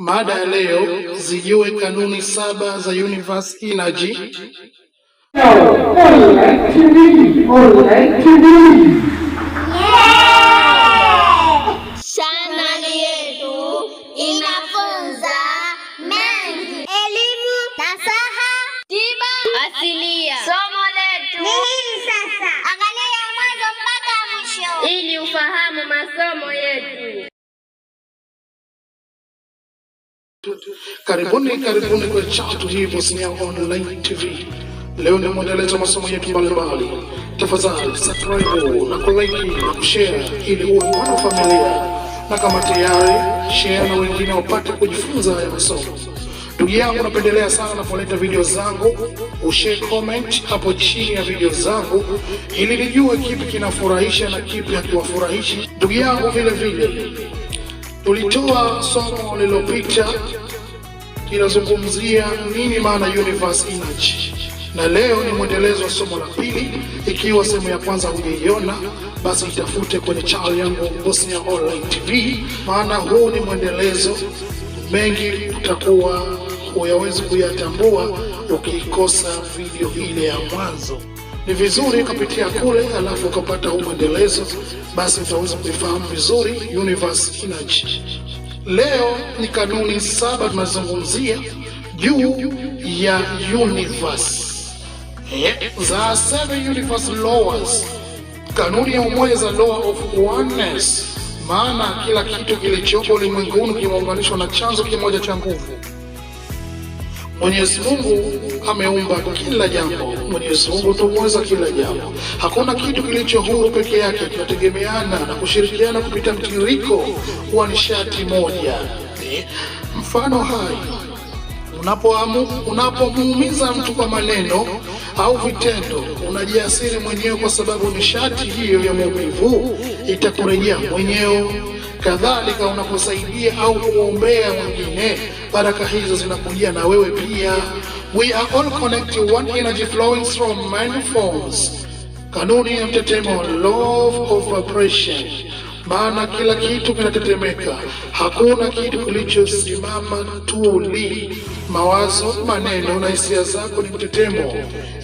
Mada ya leo zijue kanuni saba za universe energy. Karibuni, karibuni kwa Chatu hii Nyao Online TV. Leo nimeandalia masomo yetu mbalimbali. Tafadhali subscribe na kulike na kushare ili uwe mwana familia, na kama tayari share na wengine wapate kujifunza haya masomo. Ndugu yangu, napendelea sana kuleta video zangu, ushare comment hapo chini ya video zangu ili nijue kipi kinafurahisha na kipi hakiwafurahishi ndugu yangu. Vile vile Tulitoa somo lililopita linazungumzia nini maana universe energy, na leo ni mwendelezo wa somo la pili. Ikiwa sehemu ya kwanza hujaiona, basi itafute kwenye channel yangu Bosnia Online TV, maana huu ni mwendelezo. Mengi utakuwa uyawezi kuyatambua ukikosa video ile ya mwanzo ni vizuri ukapitia kule, alafu ukapata huu mwendelezo, basi utaweza kuifahamu vizuri universe energy. Leo ni kanuni saba tunazungumzia juu ya universe eh, za seven universe laws, kanuni ya umoja, law of oneness, maana kila kitu kilichopo ulimwenguni kimeunganishwa na chanzo kimoja cha nguvu Mwenyezi Mungu ameumba kila jambo. Mwenyezi Mungu tumweza kila jambo, hakuna kitu kilicho huru peke yake, kinategemeana na kushirikiana kupita mtiririko wa nishati moja. Mfano hai, unapomuumiza mtu kwa maneno au vitendo, unajiasiri mwenyewe, kwa sababu nishati hiyo ya maumivu itakurejea mwenyewe. Kadhalika unaposaidia au kuombea mwingine, baraka hizo zinakujia na wewe pia. We are all connected, one energy flowing from many forms. Kanuni ya mtetemo, law of vibration, maana kila kitu kinatetemeka, hakuna kitu kilichosimama tuli. Mawazo, maneno na hisia zako ni mtetemo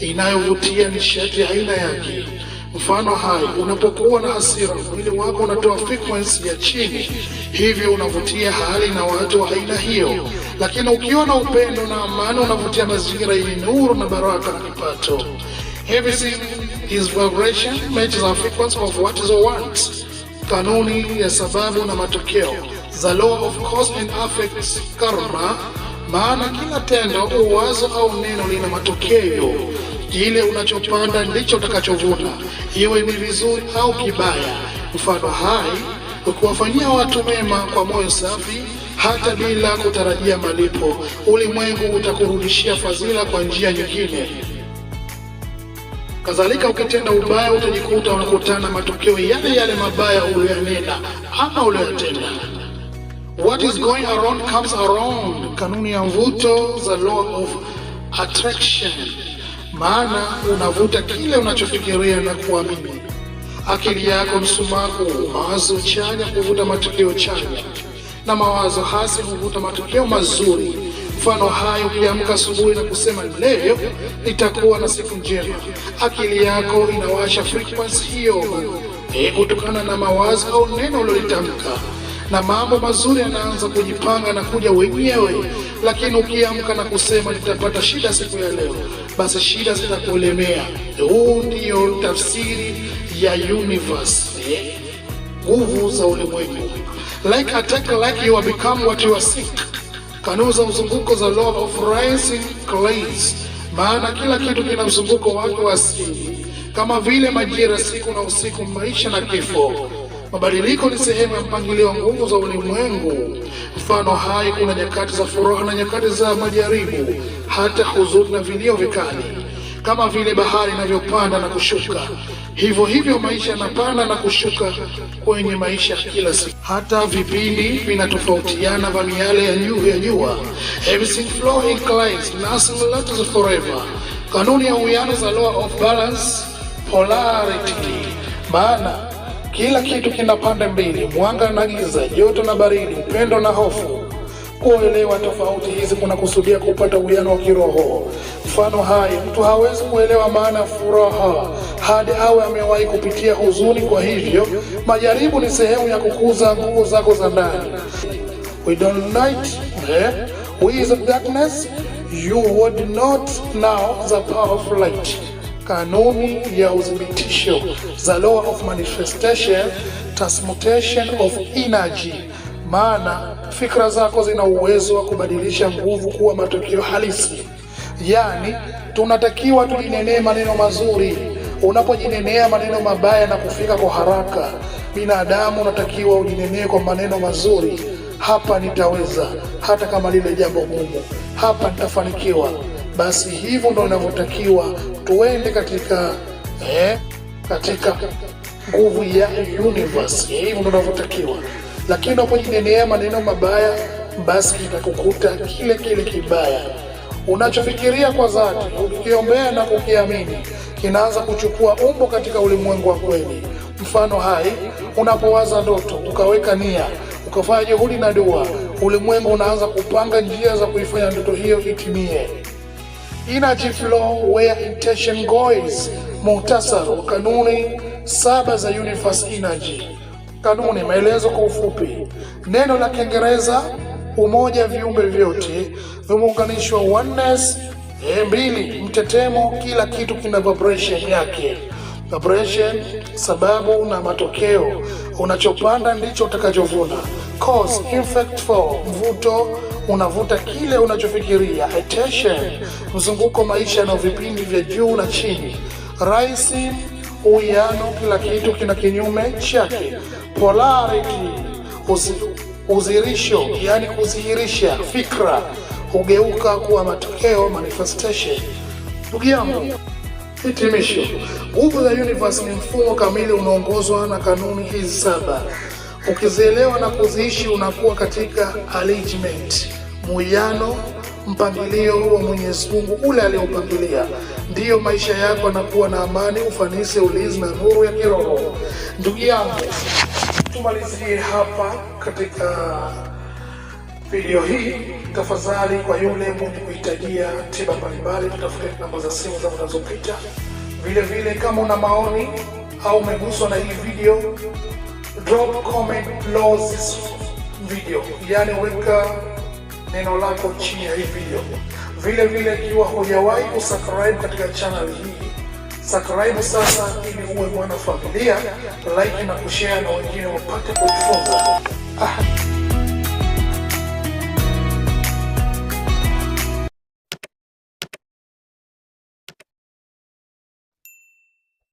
inayovutia nishati aina yake. Mfano hai, unapokuwa na hasira, mwili wako unatoa frequency ya chini, hivyo unavutia hali na watu wa aina hiyo. Lakini ukiwa na upendo na amani, unavutia mazingira yenye nuru na baraka na kipato. Everything vibration matches our frequency of what is want. Kanuni ya sababu na matokeo, the law of cause and effect, karma maana kila tendo uwazo au neno lina matokeo. Kile unachopanda ndicho utakachovuna, iwe ni vizuri au kibaya. Mfano hai, ukiwafanyia watu mema kwa moyo safi hata bila kutarajia malipo, ulimwengu utakurudishia fadhila kwa njia nyingine. Kadhalika, ukitenda ubaya utajikuta unakutana matokeo yale yale mabaya uliyonena ama uliyotenda. What is going around comes around, kanuni ya mvuto, the law of attraction, maana unavuta kile unachofikiria na kuamini. Akili yako msumaku, mawazo chanya kuvuta matokeo chanya, na mawazo hasi kuvuta matokeo mazuri. Mfano hayo, ukiamka asubuhi na kusema leo nitakuwa na siku njema, akili yako inawasha frequency hiyo kutokana na mawazo au neno ulilolitamka na mambo mazuri yanaanza kujipanga na kuja wenyewe. Lakini ukiamka na kusema nitapata shida siku ya leo, basi shida zitakuelemea. Huu ndiyo tafsiri ya universe, nguvu za ulimwengu. Like attack like you become what you are sick. Kanuni za mzunguko za law of rising clays, maana kila kitu kina mzunguko wake wa asili, kama vile majira, siku na usiku, maisha na kifo Mabadiliko ni sehemu ya mpangilio wa nguvu za ulimwengu. Mfano hai, kuna nyakati za furaha na nyakati za majaribu, hata huzuni na vilio vikali. Kama vile bahari inavyopanda na kushuka, hivyo hivyo maisha yanapanda na kushuka kwenye maisha kila siku. Hata vipindi vinatofautiana vya miale ya juu ya jua. Everything flow inclines, nothing lasts forever. Kanuni ya uwiano za law of balance polarity, maana kila kitu kina pande mbili, mwanga na giza, joto na baridi, upendo na hofu. Kuelewa tofauti hizi kunakusudia kupata uwiano wa kiroho. Mfano hai, mtu hawezi kuelewa maana ya furaha hadi awe amewahi kupitia huzuni. Kwa hivyo majaribu ni sehemu ya kukuza nguvu zako za ndani. We don't night eh? We is darkness you would not now the power of light kanuni ya uthibitisho, the law of manifestation transmutation of energy. Maana fikra zako zina uwezo wa kubadilisha nguvu kuwa matokeo halisi. Yaani, tunatakiwa tujinenee maneno mazuri. Unapojinenea maneno mabaya na kufika kwa haraka, binadamu unatakiwa ujinenee kwa maneno mazuri. Hapa nitaweza, hata kama lile jambo gumu, hapa nitafanikiwa. Basi hivyo ndo inavyotakiwa tuende katika eh, katika nguvu ya universe eh, hivyo tunavyotakiwa, lakini unapojinenea maneno mabaya, basi kitakukuta kile kile kibaya unachofikiria kwa dhati, ukiombea na kukiamini, kinaanza kuchukua umbo katika ulimwengu wa kweli. Mfano hai, unapowaza ndoto ukaweka nia ukafanya juhudi na dua, ulimwengu unaanza kupanga njia za kuifanya ndoto hiyo itimie. Energy flow where intention goes. Muhtasari wa kanuni saba za universe Energy. Kanuni, maelezo kwa ufupi. Neno la Kiingereza umoja, viumbe vyote vimeunganishwa, oneness. E, mbili, mtetemo, kila kitu kina vibration yake. Vibration, sababu na matokeo. Unachopanda ndicho utakachovuna. Cause, effect, for mvuto unavuta kile unachofikiria. Attention, mzunguko maisha na vipindi vya juu na chini, raisi, uwiano, kila kitu kina kinyume chake, polarity, uzi, uzirisho, yani kuzihirisha fikra hugeuka kuwa matokeo, manifestation. Ndugu yangu, hitimisho, nguvu za universe ni mfumo kamili unaongozwa na kanuni hizi saba. Ukizielewa na kuziishi unakuwa katika alignment, muiano, mpangilio wa Mwenyezi Mungu ule aliyopangilia ndiyo maisha yako yanakuwa na amani, ufanisi, ulinzi na nuru ya kiroho. Ndugu yangu, tumalizie hapa katika video hii tafadhali. Kwa yule mwenye kuhitajia tiba mbalimbali, tutafute namba za simu za zinazopita. Vile vile, kama una maoni au umeguswa na hii video drop comment below this video, yani weka neno lako chini ya hii video. Vile vile, ikiwa hujawahi kusubscribe katika channel hii, subscribe sasa ili uwe mwana familia like na kushare na wengine wapate kujifunza.